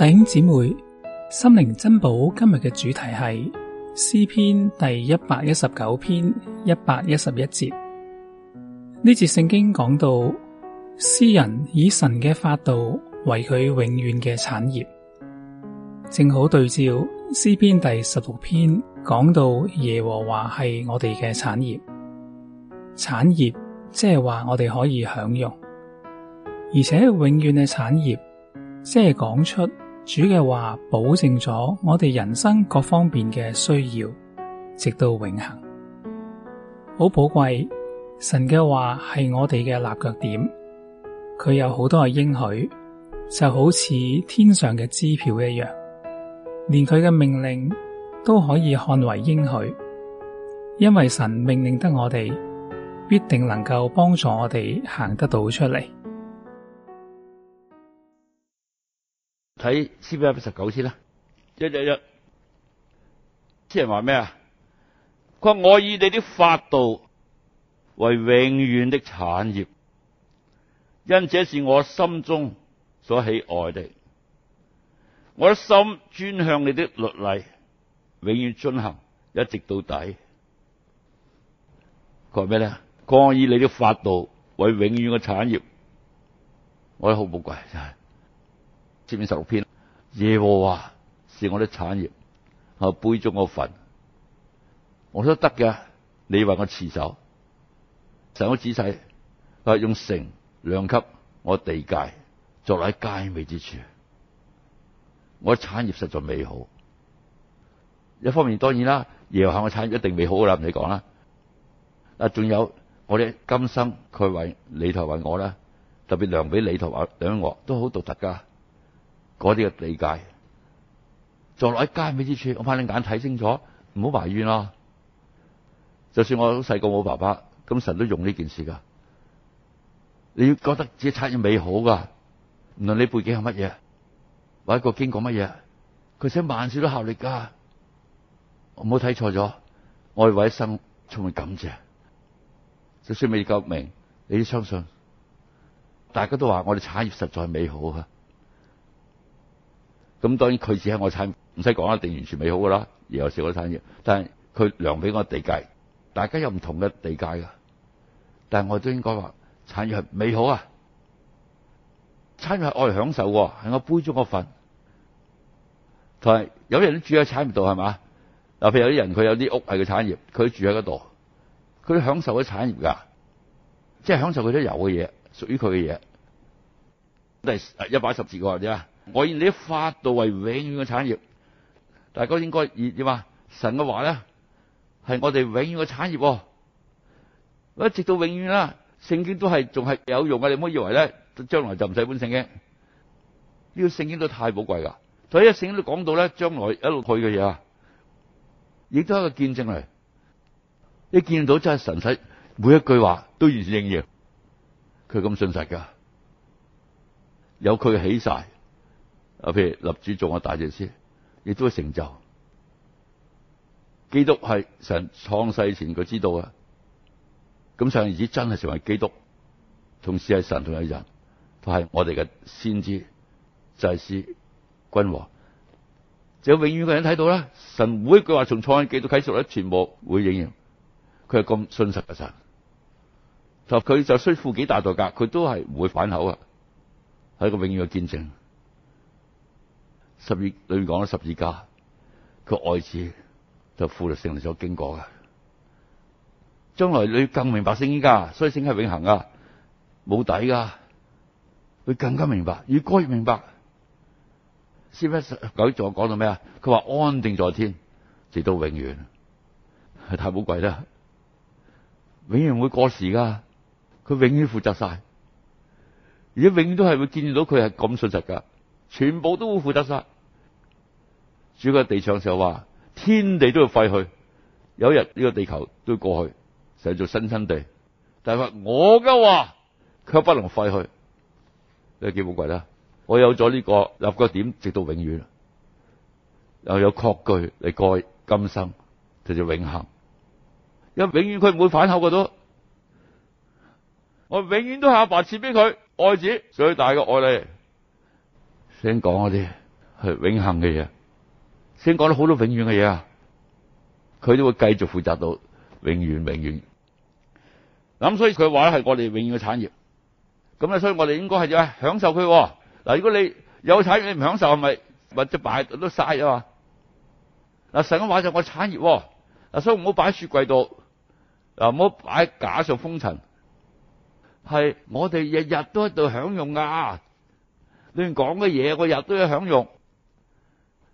弟兄姊妹，心靈珍寶今日嘅主題係詩篇第一百一十九篇一百一十一節。呢節聖經講到詩人以神嘅法度為佢永遠嘅產業，正好對照詩篇第十六篇講到耶和華係我哋嘅產業。產業即係話我哋可以享用，而且永遠嘅產業，即係講出。主嘅話保證咗我哋人生各方面嘅需要，直到永恒，好寶貴。神嘅話係我哋嘅立腳點，佢有好多嘅應許，就好似天上嘅支票一樣，連佢嘅命令都可以看為應許，因為神命令得我哋，必定能夠幫助我哋行得到出嚟。睇詩一一九先啦，一一一。啲人話咩啊？佢話我以你啲法度為永遠的產業，因這是我心中所喜愛的，我一心專向你的律例，永遠遵行，一直到底。佢話咩咧？佢以你啲法度為永遠嘅產業，我覺得好寶貴，真係。前面十六篇，耶和華是我的產業，我杯中嘅分，我都得嘅。你為我持早神好仔細，用繩量給我地界，坐喺佳美之處，我的產業實在美好。一方面當然啦，耶和華嘅產業一定美好噶啦，唔使講啦。啊，仲有我哋今生佢為你同為我啦，特別量俾你同埋兩個都好獨特噶。嗰啲嘅理解，坐落喺佳美之處，我怕你眼睇清楚，唔好埋怨咯、啊。就算我好細個，冇爸爸，咁神都常常用呢件事噶。你要覺得自己產業美好噶，唔論你背景係乜嘢，或者過經過乜嘢，佢寫萬事都效力噶。我唔好睇錯咗，我愛一生充滿感謝。就算未夠明，你都相信。大家都話我哋產業實在美好啊！咁當然佢只喺我產業，唔使講啦，定完全美好噶啦。而我少嗰啲產業，但係佢量俾我地界，大家有唔同嘅地界噶。但係我都應該話產業係美好啊，產業係愛享受喎，係我杯中個份。同埋有啲人都住喺產業度係嘛？嗱，譬如有啲人佢有啲屋係嘅產業，佢住喺嗰度，佢享受咗產業㗎，即係享受佢都有嘅嘢，屬於佢嘅嘢。一百十字嗰日我以你啲法度為永遠嘅產業，大家應該以點啊？神嘅話咧係我哋永遠嘅產業，一直到永遠啦。聖經都係仲係有用嘅，你唔好以為咧將來就唔使本聖經。呢、這個聖經都太寶貴噶，所以一聖經都講到咧將來一路去嘅嘢啊，亦都係一個見證嚟。你見到真係神使每一句話都完全應驗，佢咁信實噶，有佢起晒。啊！譬如立主做我大祭司，亦都會成就基督係神創世前佢知道啊，咁上而止真係成為基督，同時係神同係人，都係我哋嘅先知祭司君王。就有永遠嘅人睇到啦，神每一句話從創世記到啟示咧，全部會應驗。佢係咁信實嘅神，他他就佢就需付幾大代價，佢都係唔會反口啊！係一個永遠嘅見證。十二裏面講咗十字架，佢愛子就富勒性嚟，所經過嘅。將來你更明白聖經㗎，所以聖經係永恒啊，冇底噶。佢更加明白，越該越明白。詩篇一一九講到咩啊？佢話安定在天，直到永遠。太寶貴啦！永遠唔會過時噶，佢永遠負責晒，而家永遠都係會見到佢係咁信實噶，全部都會負責晒。主嘅地長就話：天地都要廢去，有一日呢個地球都要過去，成做新天地。但係話我嘅話卻不能廢去。你幾寶貴啦？我有咗呢、這個立個點，直到永遠，又有擴句嚟過今生，就叫、是、永恒。因為永遠佢唔會反口嘅都，我永遠都係阿爸賜俾佢愛子最大嘅愛你。先講嗰啲係永恒嘅嘢。先講咗好多永遠嘅嘢啊，佢都會繼續負責到永遠，永遠。咁所以佢話咧係我哋永遠嘅產業，咁咧所以我哋應該係要享受佢。嗱，如果你有產業你唔享受，係咪物質擺都嘥啊嘛？嗱，神話就我產業，嗱，所以唔好擺喺雪櫃度，嗱，唔好擺喺架上封塵，係我哋日日都喺度享用噶。你講嘅嘢，我日都要享用。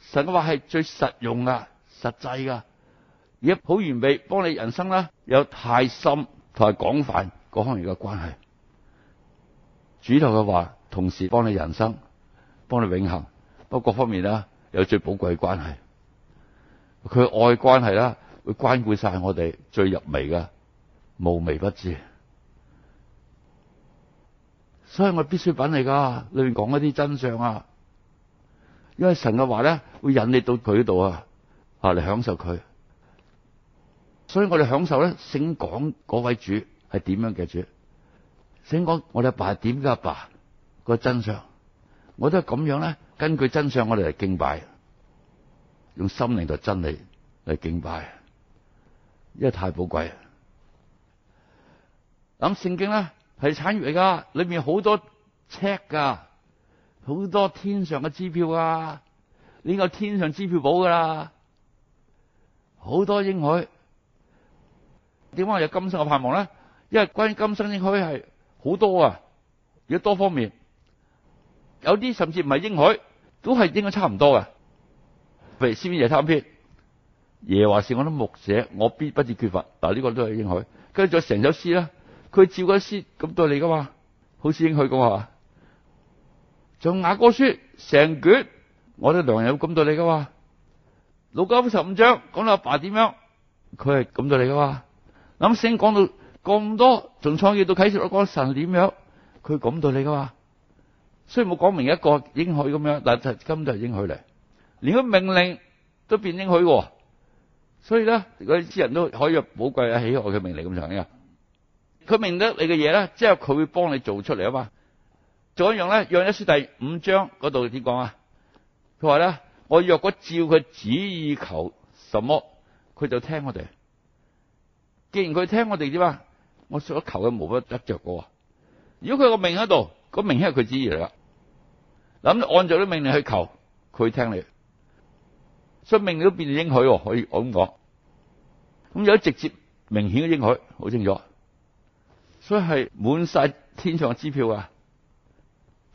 神嘅話係最實用啊、實際噶，而家好完美幫你人生啦，有太深同埋廣泛各方面嘅關係。主導嘅話同時幫你人生，幫你永恒，幫各方面啦，有最寶貴關係。佢愛的關係啦，會關顧晒我哋最入微噶，無微不至。所以我必需品嚟噶，裏面講一啲真相啊。因為神嘅話咧，會引你到佢嗰度啊，啊嚟享受佢。所以我哋享受咧，聖講嗰位主係點樣嘅主？聖講我哋阿爸係點嘅阿爸？個真相，我都係咁樣咧。根據真相，我哋嚟敬拜，用心靈同真理嚟敬拜，因為太寶貴。咁聖經咧係產業嚟噶，裏面好多尺噶。好多天上嘅支票啊！呢個天上支票簿噶啦，好多應許。點解我有今生嘅盼望咧？因為關於今生應許係好多啊，如果多方面，有啲甚至唔係應許，都係應該差唔多嘅。譬如詩篇廿三篇，耶和華是我的牧者，我必不至缺乏。但係呢個都係應許。跟住成首詩啦，佢照嗰詩咁對你噶嘛，好似應許咁啊。仲雅歌書成卷，我哋良友噉對你噶嘛？《路加書》十五章講到阿爸點樣，佢係噉對你噶嘛？諗先講到咁多，仲創世到啟示錄講神點樣，佢噉對你噶嘛？雖然冇講明一個，應許咁樣，但係今就係應許嚟，連個命令都變應許，所以咧，我啲私人都可以寶貴阿喜愛嘅命令咁樣嘅。佢命令你嘅嘢咧，即係佢會幫你做出嚟啊嘛。仲有一樣咧，《約壹書》第五章嗰度點講啊？佢話咧：我若果照佢旨意求什麼，佢就聽我哋。既然佢聽我哋點啊？我所求嘅無不得着喎。如果佢、那個命喺度，明顯係佢旨意嚟啦。咁按照啲命令去求，佢聽你，所以命令都變成應許。可以我咁講。咁有直接明顯嘅應許，好清楚。所以係滿晒天上嘅支票啊！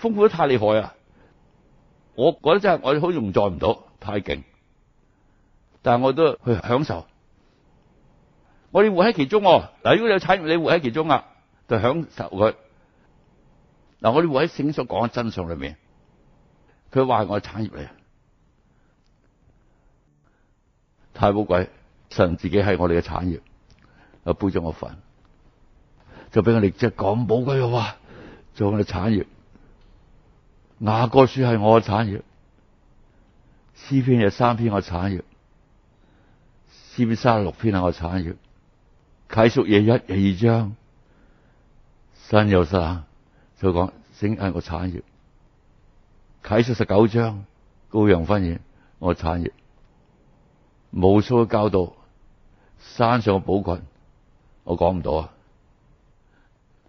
豐富得太厲害啊！我覺得真係我哋好似載唔到，太勁。但係我都去享受。我哋活喺其中嗱，如果有產業，你活喺其中啊，就享受佢嗱。我哋活喺聖所講嘅真相裏面，佢話我係產業嚟啊！太寶貴，神自己係我哋嘅產業，又背咗我份，就俾我哋，即係咁寶貴，嘅話做我哋產業。雅各書係我嘅產業，詩篇有三篇我的產業，詩篇三十六篇係我的產業，啟示錄一至二章，新又新就講整硬個產業，啟示錄十九章羔羊婚筵我的產業，無數嘅教導山上嘅寶群，我講唔到啊，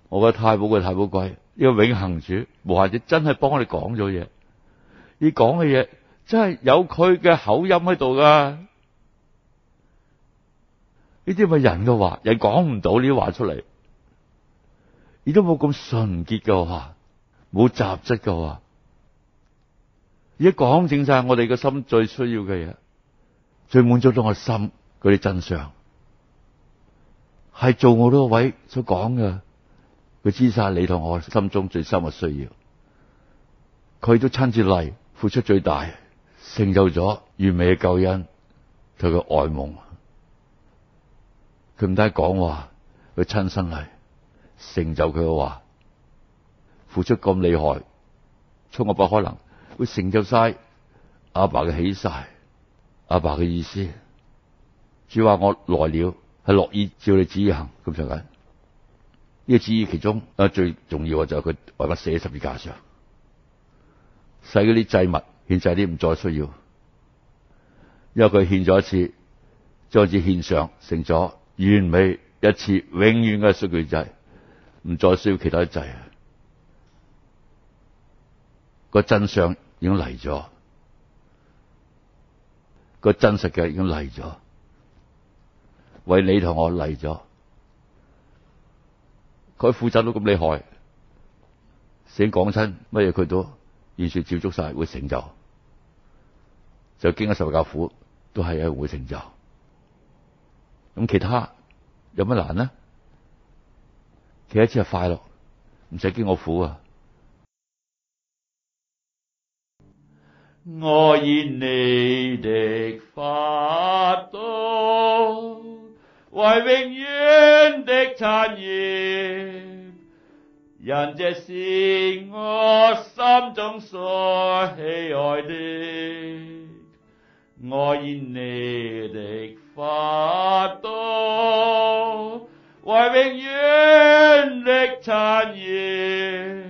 我覺得太寶貴太寶貴。要、這個、永恒主，或者真係幫我哋講咗嘢，你講嘅嘢真係有佢嘅口音喺度噶呢啲咪人嘅話，人講唔到呢啲話出嚟，亦都冇咁純潔嘅話，冇雜質嘅話，而家講正晒我哋嘅心最需要嘅嘢，最滿足到我心嗰啲真相，係做我呢個位所講嘅。佢知晒你同我心中最深嘅需要，佢都親自嚟付出最大，成就咗完美嘅救恩和他的，佢嘅愛夢。佢唔單講話，佢親身嚟成就佢嘅話，付出咁厲害，充我不可能，會成就晒阿爸嘅起晒，阿爸嘅意思。主話我來了，係樂意照你旨意行咁就緊。呢個只於其中，啊，最重要嘅就係佢為乜寫十字架上，使嗰啲祭物獻祭啲唔再需要，因為佢獻咗一次，再次獻上，成咗完美一次，永遠嘅數據祭，唔再需要其他祭啊！個真相已經嚟咗，個真實嘅已經嚟咗，為你同我嚟咗。佢負責到咁厲害，先講親乜嘢，佢都完全照足晒，會成就。就經得受夠苦，都係啊會成就。咁其他有乜難呢？其一次係快樂，唔使經我苦啊！我以你的法度，為永遠的殘葉，人這是我心中所喜愛的，我願你的花都為永遠的殘葉，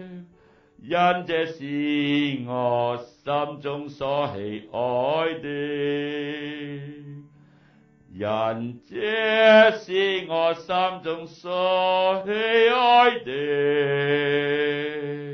因這是我心中所喜愛的。因這是我心中所喜愛的。